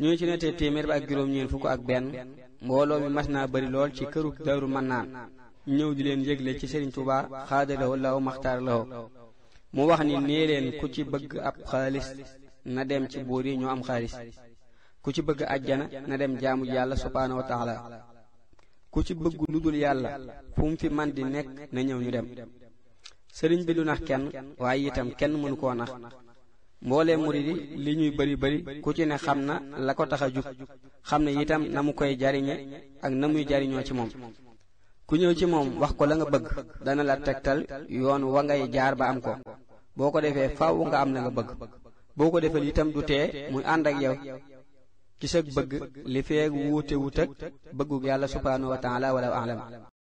ñoo ci nettee téeméer ba ak juróom-ñeent fukk ak benn mbooloo mi mas naa bari lool ci këru daaru mannaan ñëw di leen yëgle ci Serigne Touba xaadalawo law maxtaar lawo mu wax ni nee leen ku ci bëgg ab xaalis na dem ci buur yi ñoo am xaalis ku ci bëgg ajjana na dem jaamu yàlla subhaanahu wa taala ku ci bëgg lu dul yàlla fu mu fi man di nekk na ñëw ñu dem sëriñ bi lu nax kenn waaye itam kenn mënu koo nax mboolee murid yi li ñuy bëri bari ku ci ne xam na la ko tax a jug xam ne itam na mu koy jariñe ak na muy jariñoo ci moom ku ñëw ci moom wax ko la nga bëgg dana la tegtal yoon wa ngay jaar ba am ko boo ko defee faw nga am na nga bëgg boo ko defee itam du tee muy ànd ak yow ci sa bëgg li feeg wuute wut ak bëggug yàlla subhaanahu wa taala wala alam